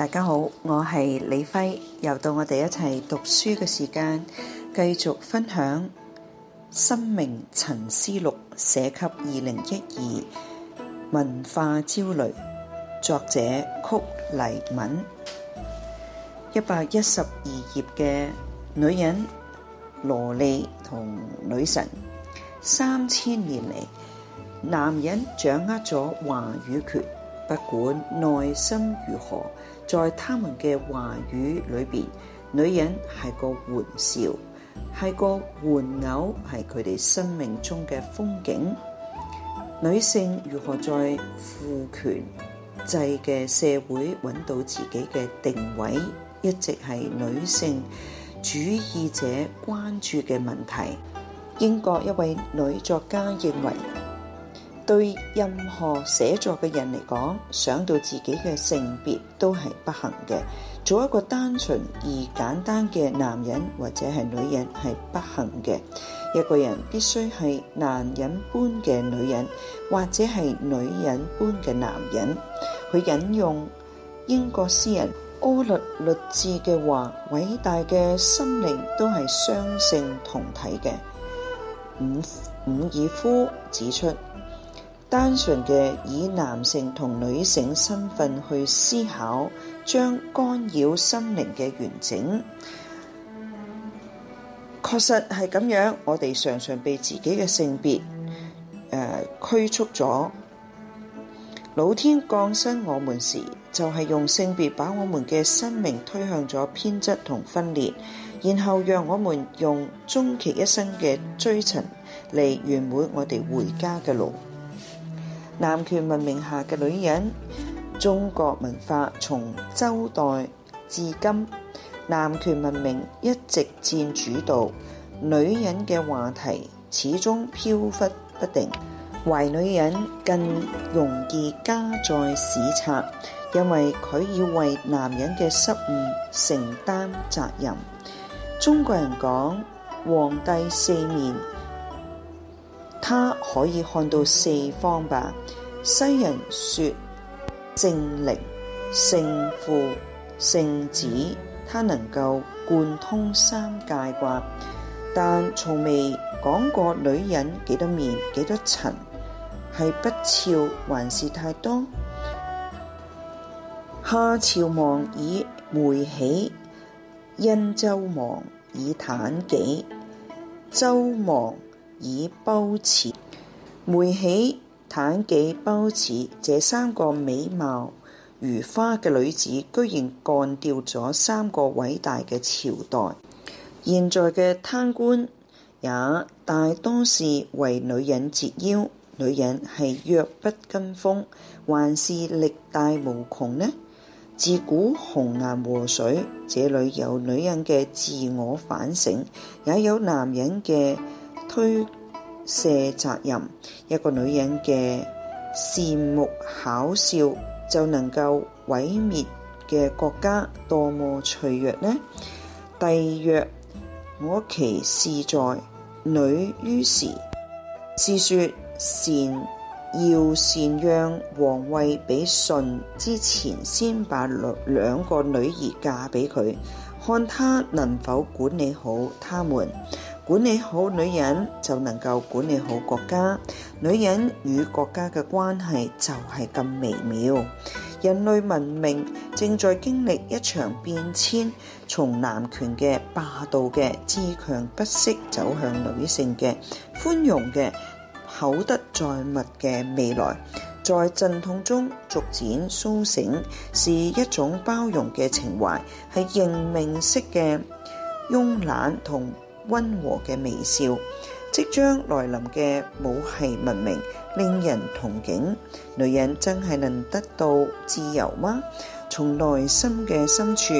大家好，我係李輝，又到我哋一齊讀書嘅時間，繼續分享《生命沉思錄》寫給二零一二文化焦慮作者曲黎敏一百一十二頁嘅女人羅莉同女神，三千年嚟，男人掌握咗話語權，不管內心如何。在他們嘅話語裏邊，女人係個玩笑，係個玩偶，係佢哋生命中嘅風景。女性如何在父權制嘅社會揾到自己嘅定位，一直係女性主義者關注嘅問題。英國一位女作家認為。對任何寫作嘅人嚟講，想到自己嘅性別都係不幸嘅。做一個單純而簡單嘅男人或者係女人係不幸嘅。一個人必須係男人般嘅女人，或者係女人般嘅男人。佢引用英國詩人柯律律志嘅話，偉大嘅心靈都係雙性同體嘅。伍伍爾夫指出。單純嘅以男性同女性身份去思考，將干擾心靈嘅完整，確實係咁樣。我哋常常被自己嘅性別誒拘束咗。老天降生我們時，就係用性別把我們嘅生命推向咗偏執同分裂，然後讓我們用終其一生嘅追尋嚟圓滿我哋回家嘅路。男權文明下嘅女人，中國文化從周代至今，男權文明一直佔主導，女人嘅話題始終飄忽不定。壞女人更容易加在史冊，因為佢要為男人嘅失誤承擔責任。中國人講皇帝四面。他可以看到四方吧？西人說聖靈、聖父、聖子，他能夠貫通三界卦，但從未講過女人幾多面、幾多層，係不俏還是太多？夏朝亡以妹喜，殷周亡以妲己，周亡。以褒姒、妹喜、妲己褒姒，這三個美貌如花嘅女子，居然幹掉咗三個偉大嘅朝代。現在嘅貪官也大多是為女人折腰，女人係弱不禁風，還是力大無窮呢？自古紅顏禍水，這裏有女人嘅自我反省，也有男人嘅。推卸責任，一個女人嘅羨慕巧笑，就能夠毀滅嘅國家，多麼脆弱呢？帝曰：我其是在女於時，是説善要善讓皇位俾舜之前，先把兩兩個女兒嫁俾佢，看他能否管理好他們。管理好女人，就能夠管理好國家。女人與國家嘅關係就係咁微妙。人類文明正在經歷一場變遷，從男權嘅霸道嘅自強不息，走向女性嘅寬容嘅厚德載物嘅未來，在陣痛中逐漸甦醒，是一種包容嘅情懷，係認命式嘅慵懶同。溫和嘅微笑，即將來臨嘅武器文明令人憧憬。女人真係能得到自由嗎？從內心嘅深處，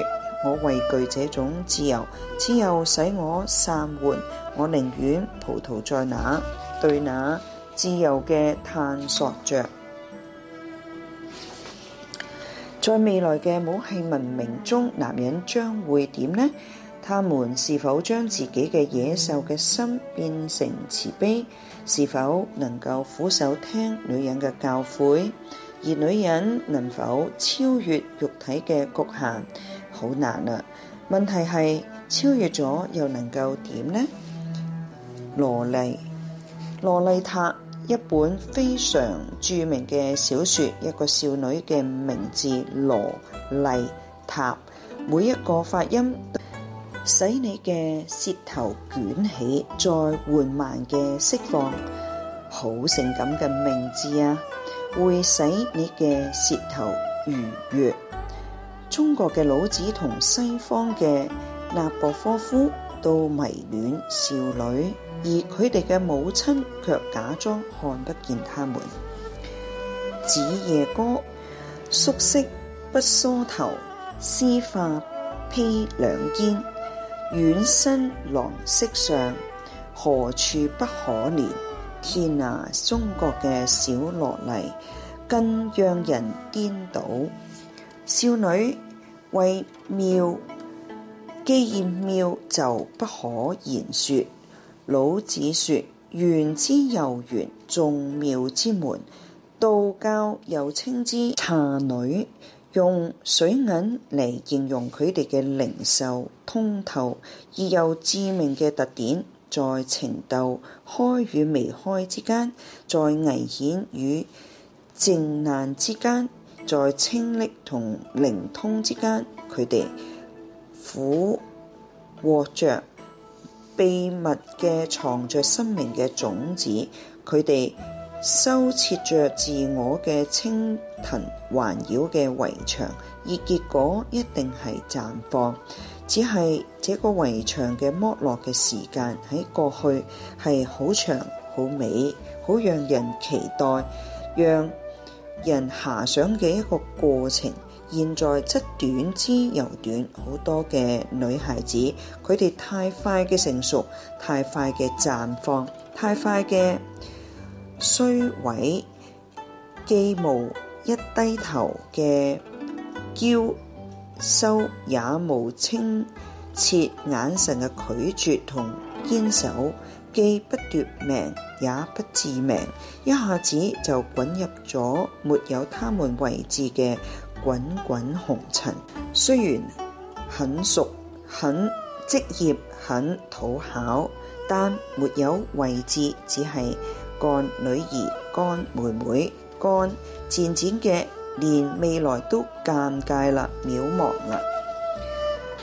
我畏懼這種自由，只有使我散渙。我寧願葡萄在那，對那自由嘅探索着。在未來嘅武器文明中，男人將會點呢？他們是否將自己嘅野獸嘅心變成慈悲？是否能夠俯首聽女人嘅教誨？而女人能否超越肉體嘅局限？好難啊！問題係超越咗又能夠點呢？羅莉羅莉塔一本非常著名嘅小說，一個少女嘅名字羅莉塔，每一個發音。使你嘅舌頭捲起，再緩慢嘅釋放，好性感嘅名字啊！會使你嘅舌頭愉悦。中國嘅老子同西方嘅納博科夫都迷戀少女，而佢哋嘅母親卻假裝看不見他們。子夜歌，宿昔不梳頭，絲髮披兩肩。遠身狼色上，何處不可憐？天啊，中國嘅小蘿莉更讓人顛倒。少女為妙，既然妙就不可言說。老子說：玄之又玄，眾妙之門。道教又稱之姹女。用水銀嚟形容佢哋嘅靈秀、通透，而又致命嘅特點，在程度開與未開之間，在危險與靜難之間，在清冽同靈通之間，佢哋苦握着秘密嘅藏着生命嘅種子，佢哋。修砌着自我嘅青藤環繞嘅圍牆，而結果一定係綻放。只係這個圍牆嘅剝落嘅時間喺過去係好長、好美、好讓人期待、讓人遐想嘅一個過程。現在則短之又短，好多嘅女孩子佢哋太快嘅成熟，太快嘅綻放，太快嘅。衰位既無一低頭嘅嬌羞，收也無清澈眼神嘅拒絕同堅守，既不奪命也不致命，一下子就滾入咗沒有他們位置嘅滾滾紅塵。雖然很熟、很職業、很討巧，但沒有位置，只係。乾女兒、乾妹妹、乾漸漸嘅，連未來都尷尬啦、渺茫啦。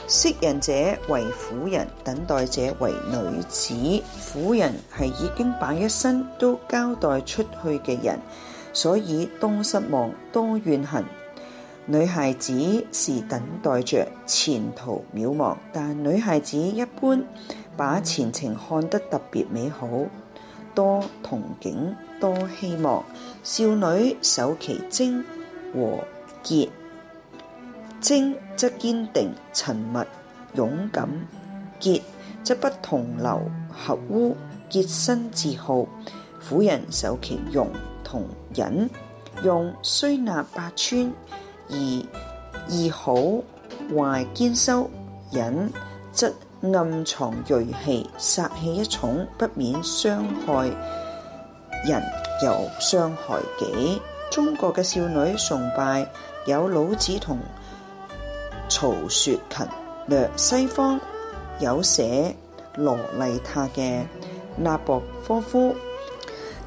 識人者為婦人，等待者為女子。婦人係已經把一生都交代出去嘅人，所以多失望、多怨恨。女孩子是等待着前途渺茫，但女孩子一般把前程看得特別美好。多同景，多希望。少女守其貞和潔，貞則堅定、沉默、勇敢；潔則不同流合污，潔身自好。婦人守其容同忍，容雖納百川，而易好壞兼收；忍則。暗藏銳氣，殺氣一重，不免傷害人，又傷害己。中國嘅少女崇拜有老子同曹雪芹，略西方有寫《羅麗塔》嘅納博科夫，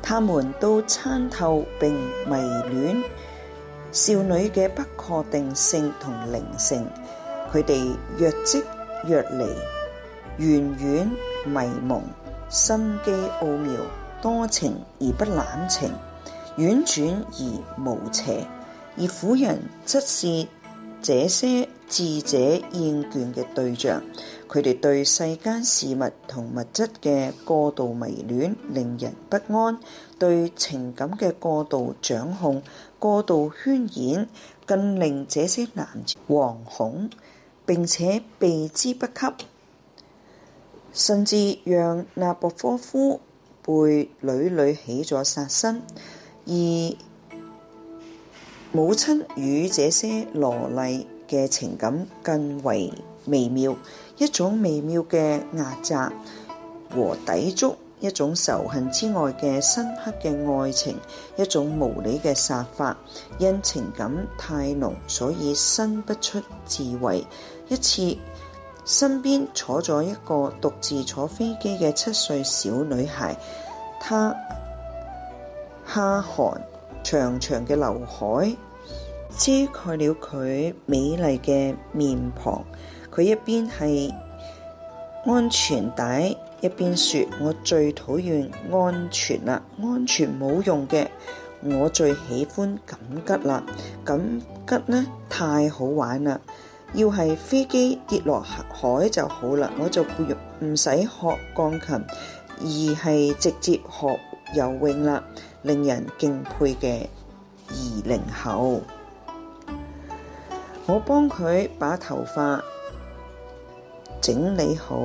他們都參透並迷戀少女嘅不確定性同靈性，佢哋若即若離。遠遠迷蒙，心機奧妙，多情而不濫情，婉轉而無邪。而婦人則是這些智者厭倦嘅對象。佢哋對世間事物同物質嘅過度迷戀，令人不安；對情感嘅過度掌控、過度渲染，更令這些男子惶恐，並且避之不及。甚至讓納博科夫背屢屢起咗殺身，而母親與這些羅莉嘅情感更為微妙，一種微妙嘅壓榨和抵觸，一種仇恨之外嘅深刻嘅愛情，一種無理嘅殺法。因情感太濃，所以生不出智慧。一次。身邊坐咗一個獨自坐飛機嘅七歲小女孩，她哈韓長長嘅劉海遮蓋了佢美麗嘅面龐。佢一邊係安全帶，一邊說，我最討厭安全啦，安全冇用嘅。我最喜歡緊急啦，緊急呢，太好玩啦！要係飛機跌落海就好啦，我就唔使學鋼琴，而係直接學游泳啦。令人敬佩嘅二零後，我幫佢把頭髮整理好。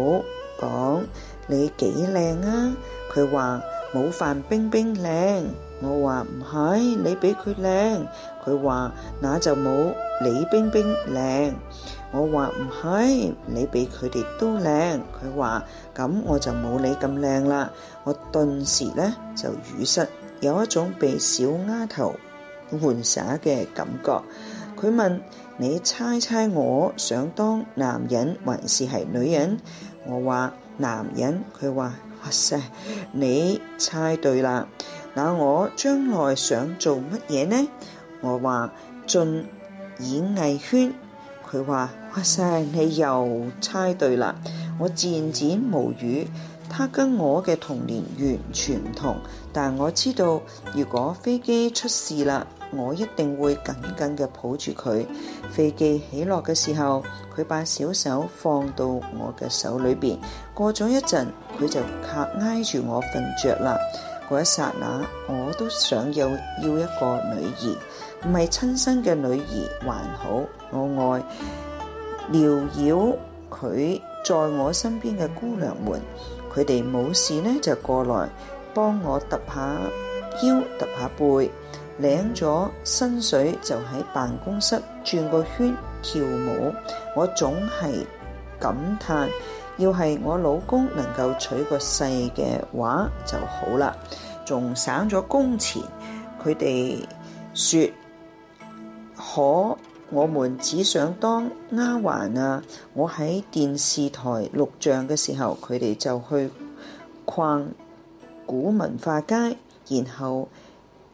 講，你幾靚啊！佢話。冇范冰冰靚，我話唔係，你比佢靚。佢話那就冇李冰冰靚。我話唔係，你比佢哋都靚。佢話咁我就冇你咁靚啦。我頓時呢就語塞，有一種被小丫頭玩耍嘅感覺。佢問，你猜猜我想當男人還是係女人？我話男人。佢話。哇塞，你猜對啦！那我將來想做乜嘢呢？我話進演藝圈，佢話哇塞，你又猜對啦！我漸漸無語。他跟我嘅童年完全唔同，但我知道，如果飛機出事啦，我一定會緊緊嘅抱住佢。飛機起落嘅時候，佢把小手放到我嘅手裏邊，過咗一陣，佢就靠挨住我瞓着啦。嗰一剎那，我都想要要一個女兒，唔係親生嘅女兒，還好，我愛撩繞佢。在我身邊嘅姑娘們，佢哋冇事呢，就過來幫我揼下腰、揼下背，領咗薪水就喺辦公室轉個圈跳舞。我總係感嘆，要係我老公能夠娶個細嘅話就好啦，仲省咗工錢。佢哋說可。我們只想當丫鬟啊！我喺電視台錄像嘅時候，佢哋就去逛古文化街，然後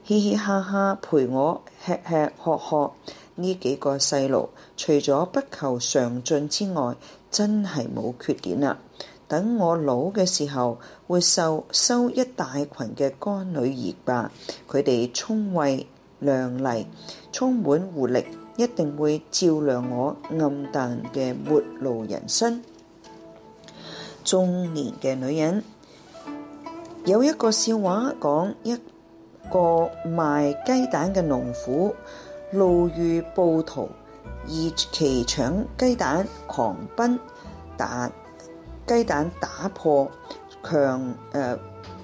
嘻嘻哈哈陪我吃吃喝喝。呢幾個細路除咗不求上進之外，真係冇缺點啦。等我老嘅時候，會收收一大群嘅乾女兒吧。佢哋聰慧亮麗，充滿活力。一定會照亮我暗淡嘅末路人生。中年嘅女人有一個笑話，講一個賣雞蛋嘅農婦路遇暴徒，而其搶雞蛋狂奔，打雞蛋打破，強、呃、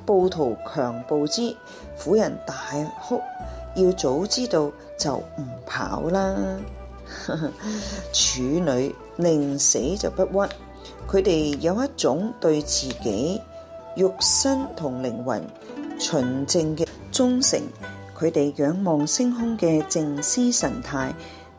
暴徒強暴之，婦人大哭。要早知道就唔跑啦！ 處女寧死就不屈，佢哋有一種對自己肉身同靈魂純正嘅忠誠，佢哋仰望星空嘅靜思神態，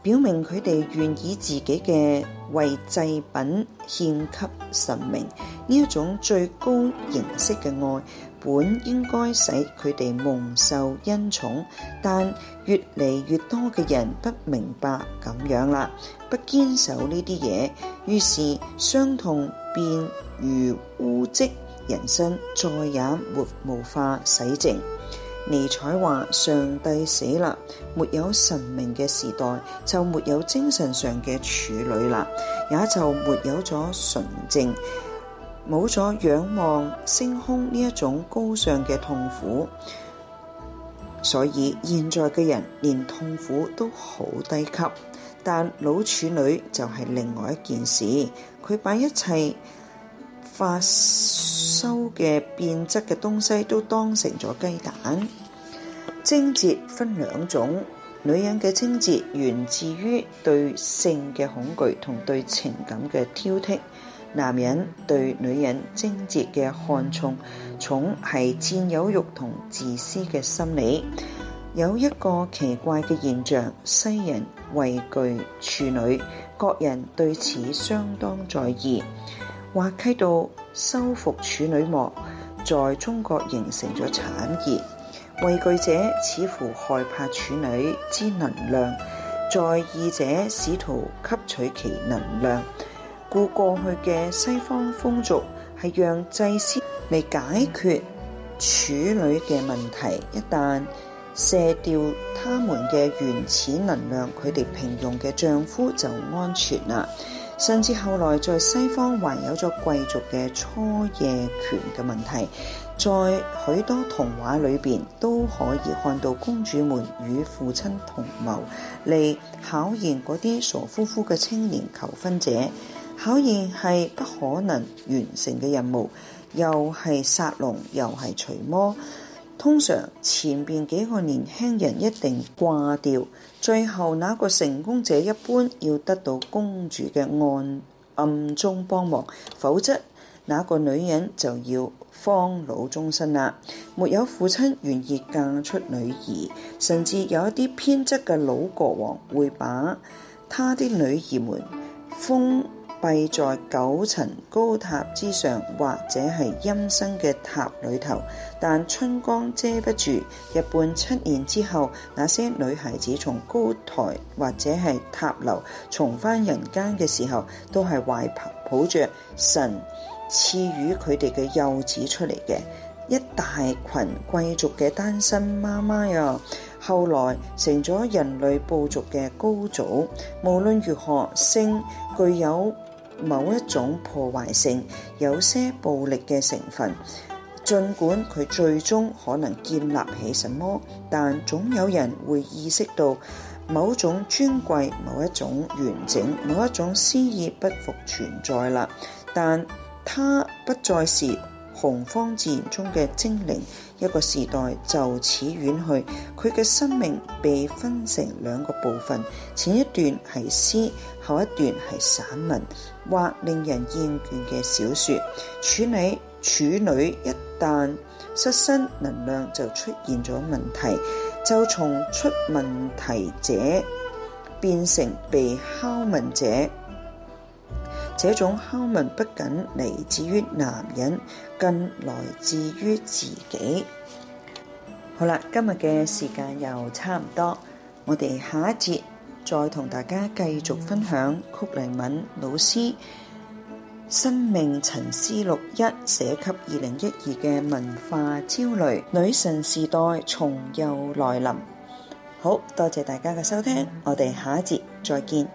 表明佢哋願意自己嘅為祭品獻給神明呢一種最高形式嘅愛。本應該使佢哋蒙受恩寵，但越嚟越多嘅人不明白咁樣啦，不堅守呢啲嘢，於是傷痛便如污跡，人生再也沒無法洗淨。尼采話：上帝死啦，沒有神明嘅時代，就沒有精神上嘅處女啦，也就沒有咗純淨。冇咗仰望星空呢一種高尚嘅痛苦，所以現在嘅人連痛苦都好低級。但老處女就係另外一件事，佢把一切發餿嘅變質嘅東西都當成咗雞蛋。貞節分兩種，女人嘅貞節源自於對性嘅恐懼同對情感嘅挑剔。男人對女人貞節嘅看重，重係佔有欲同自私嘅心理。有一個奇怪嘅現象，西人畏懼處女，各人對此相當在意。滑稽到修復處女膜，在中國形成咗產業。畏懼者似乎害怕處女之能量，在意者試圖吸取其能量。故過去嘅西方風俗係讓祭司嚟解決處女嘅問題，一旦卸掉他們嘅原始能量，佢哋平庸嘅丈夫就安全啦。甚至後來在西方還有咗貴族嘅初夜權嘅問題，在許多童話裏邊都可以看到公主們與父親同謀嚟考驗嗰啲傻乎乎嘅青年求婚者。考驗係不可能完成嘅任務，又係殺龍又係除魔。通常前邊幾個年輕人一定掛掉，最後那個成功者一般要得到公主嘅暗暗中幫忙，否則那個女人就要荒老終身啦。沒有父親願意嫁出女兒，甚至有一啲偏執嘅老國王會把他的女兒們封閉在九層高塔之上，或者係陰森嘅塔裏頭，但春光遮不住。日本七年之後，那些女孩子從高台或者係塔樓重返人間嘅時候，都係懷抱抱着神賜予佢哋嘅幼子出嚟嘅，一大群貴族嘅單身媽媽呀，後來成咗人類部族嘅高祖，無論如何升，具有。某一種破壞性，有些暴力嘅成分。儘管佢最終可能建立起什麼，但總有人會意識到某種尊貴、某一種完整、某一種詩意不復存在啦。但它不再是洪荒自然中嘅精靈。一個時代就此遠去，佢嘅生命被分成兩個部分，前一段係詩，後一段係散文或令人厭倦嘅小說。處女處女一旦失身，能量就出現咗問題，就從出問題者變成被拷問者。這種敲門不僅來自於男人，更來自於自己。好啦，今日嘅時間又差唔多，我哋下一節再同大家繼續分享曲黎敏老師《生命沉思錄》一寫給二零一二嘅文化焦慮，女神時代重又來臨。好多謝大家嘅收聽，我哋下一節再見。